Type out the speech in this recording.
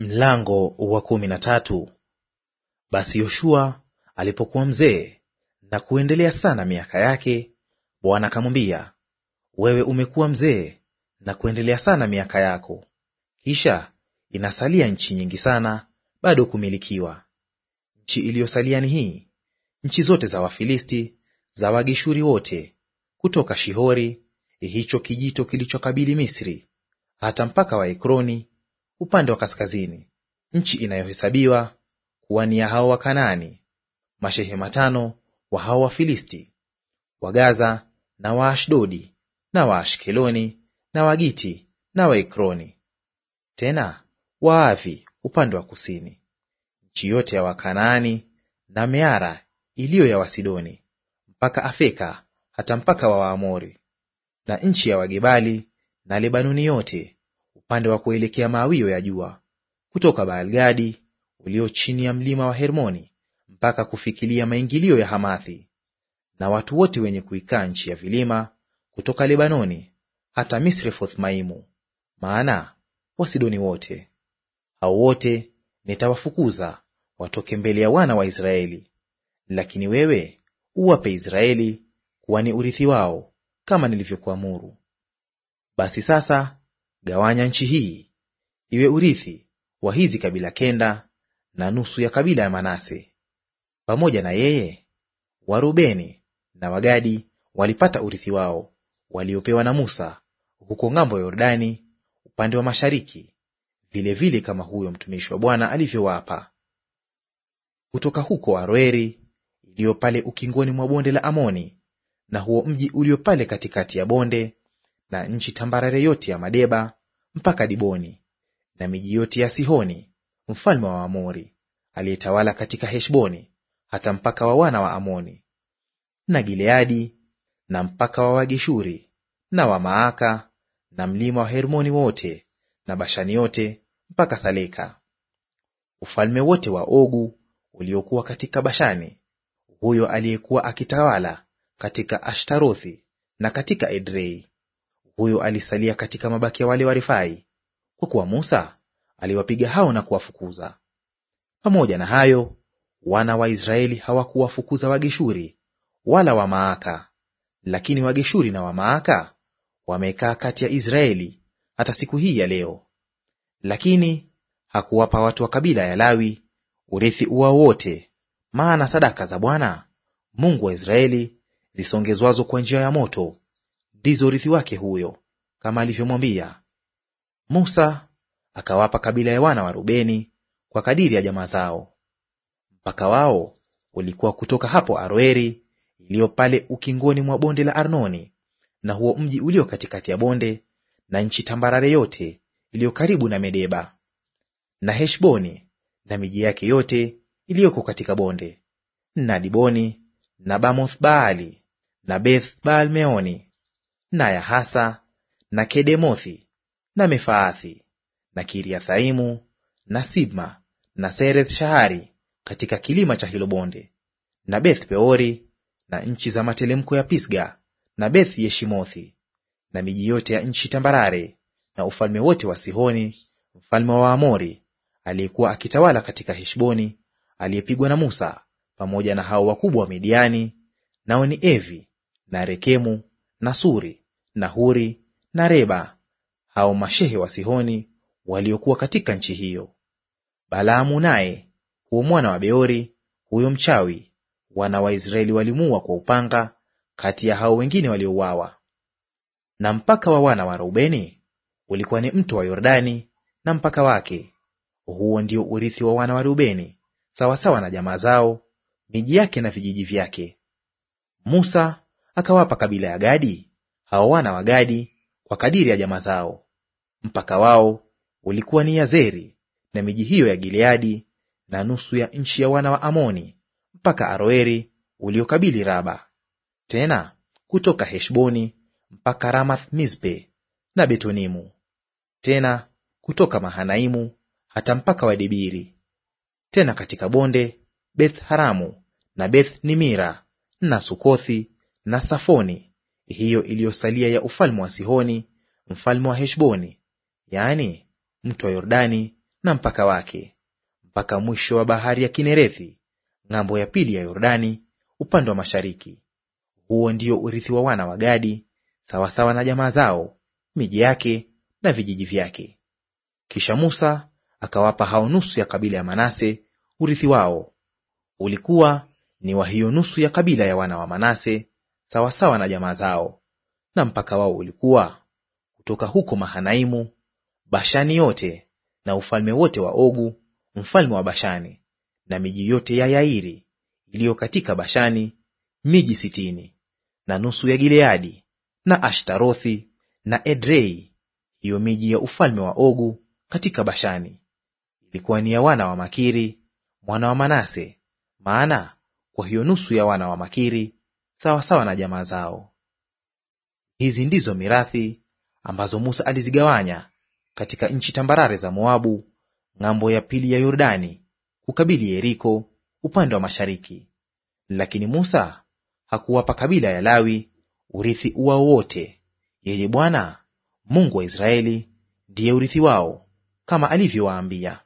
Mlango wa kumi na tatu. Basi Yoshua alipokuwa mzee na kuendelea sana miaka yake, Bwana akamwambia, wewe umekuwa mzee na kuendelea sana miaka yako, kisha inasalia nchi nyingi sana bado kumilikiwa. Nchi iliyosalia ni hii, nchi zote za Wafilisti, za Wageshuri wote, kutoka Shihori, hicho kijito kilichokabili Misri, hata mpaka wa Ekroni upande wa kaskazini, nchi inayohesabiwa kuwa ni ya hao Wakanaani, mashehe matano wa hao Wafilisti, wa Gaza na Waashdodi na Waashkeloni na Wagiti na Waekroni, tena Waavi upande wa kusini, nchi yote ya Wakanaani na Meara iliyo ya Wasidoni mpaka Afeka hata mpaka wa Waamori, na nchi ya Wagebali na Lebanoni yote upande wa kuelekea mawio ya jua, kutoka Baalgadi ulio chini ya mlima wa Hermoni mpaka kufikilia maingilio ya Hamathi, na watu wote wenye kuikaa nchi ya vilima, kutoka Lebanoni hata Misri fothmaimu maana Wasidoni wote hao wote nitawafukuza watoke mbele ya wana wa Israeli. Lakini wewe uwape Israeli kuwa ni urithi wao, kama nilivyokuamuru. Basi sasa gawanya nchi hii iwe urithi wa hizi kabila kenda na nusu ya kabila ya Manase. Pamoja na yeye Warubeni na Wagadi walipata urithi wao waliopewa na Musa huko ng'ambo ya Yordani upande wa mashariki, vilevile vile kama huyo mtumishi wa Bwana alivyowapa. Kutoka huko Aroeri iliyo pale ukingoni mwa bonde la Amoni na huo mji ulio pale katikati ya bonde na nchi tambarare yote ya Madeba mpaka Diboni, na miji yote ya Sihoni mfalme wa amori aliyetawala katika Heshboni hata mpaka wa wana wa Amoni, na Gileadi na mpaka wa Wageshuri na wa Maaka na mlima wa Hermoni wote na Bashani yote mpaka Saleka. Ufalme wote wa Ogu uliokuwa katika Bashani, huyo aliyekuwa akitawala katika Ashtarothi na katika Edrei, huyo alisalia katika mabaki ya wale wa kwa kuwa Musa aliwapiga hao na kuwafukuza. Pamoja na hayo, wana wa Israeli hawakuwafukuza Wageshuri wala Wamaaka, lakini Wageshuri na Wamaaka wamekaa kati ya Israeli hata siku hii ya leo. Lakini hakuwapa watu wa kabila ya Lawi urithi uwao wote, maana sadaka za Bwana Mungu wa Israeli zisongezwazo kwa njia ya moto ndizo urithi wake huyo, kama alivyomwambia Musa. Akawapa kabila ya wana wa Rubeni kwa kadiri ya jamaa zao. Mpaka wao ulikuwa kutoka hapo Aroeri iliyo pale ukingoni mwa bonde la Arnoni, na huo mji ulio katikati ya bonde, na nchi tambarare yote iliyo karibu na Medeba, na Heshboni na miji yake yote iliyoko katika bonde, na Diboni na Bamoth Baali na Beth Baal Meoni na Yahasa na Kedemothi na Mefaathi na Kiriathaimu na Sibma na Sereth Shahari katika kilima cha hilo bonde na Beth Peori na nchi za matelemko ya Pisga na Beth Yeshimothi na miji yote ya nchi tambarare na ufalme wote wa Sihoni mfalme wa Waamori aliyekuwa akitawala katika Heshboni aliyepigwa na Musa pamoja na hao wakubwa wa Midiani, nao ni Evi na Rekemu na Suri Nahuri na Reba, hao mashehe wa Sihoni waliokuwa katika nchi hiyo. Balaamu naye huo mwana wa Beori, huyo mchawi, wana wa Israeli walimuua kwa upanga kati ya hao wengine waliouawa. Na mpaka wa wana wa Reubeni ulikuwa ni mto wa Yordani na mpaka wake. Huo ndio urithi wa wana wa Reubeni sawasawa na jamaa zao, miji yake na vijiji vyake. Musa akawapa kabila ya Gadi hao wana wa Gadi kwa kadiri ya jamaa zao. Mpaka wao ulikuwa ni Yazeri na miji hiyo ya Gileadi na nusu ya nchi ya wana wa Amoni mpaka Aroeri uliokabili Raba, tena kutoka Heshboni mpaka Ramath Mizpe na Betonimu, tena kutoka Mahanaimu hata mpaka wa Debiri, tena katika bonde Beth Haramu na Beth Nimira na Sukothi na Safoni hiyo iliyosalia ya ufalme wa Sihoni mfalme wa Heshboni, yaani mto wa Yordani na mpaka wake, mpaka mwisho wa bahari ya Kinerethi ng'ambo ya pili ya Yordani upande wa mashariki. Huo ndio urithi wa wana wa Gadi sawasawa na jamaa zao, miji yake na vijiji vyake. Kisha Musa akawapa hao nusu ya kabila ya Manase urithi wao, ulikuwa ni wa hiyo nusu ya kabila ya wana wa Manase sawasawa na jamaa zao, na mpaka wao ulikuwa kutoka huko Mahanaimu, Bashani yote na ufalme wote wa Ogu mfalme wa Bashani, na miji yote ya Yairi iliyo katika Bashani, miji sitini na nusu ya Gileadi na Ashtarothi na Edrei, hiyo miji ya ufalme wa Ogu katika Bashani ilikuwa ni ya wana wa Makiri mwana wa Manase, maana kwa hiyo nusu ya wana wa Makiri sawasawa na jamaa zao. Hizi ndizo mirathi ambazo Musa alizigawanya katika nchi tambarare za Moabu, ng'ambo ya pili ya Yordani, kukabili Yeriko upande wa mashariki. Lakini Musa hakuwapa kabila ya Lawi urithi wao wote; yeye Bwana Mungu wa Israeli ndiye urithi wao, kama alivyowaambia.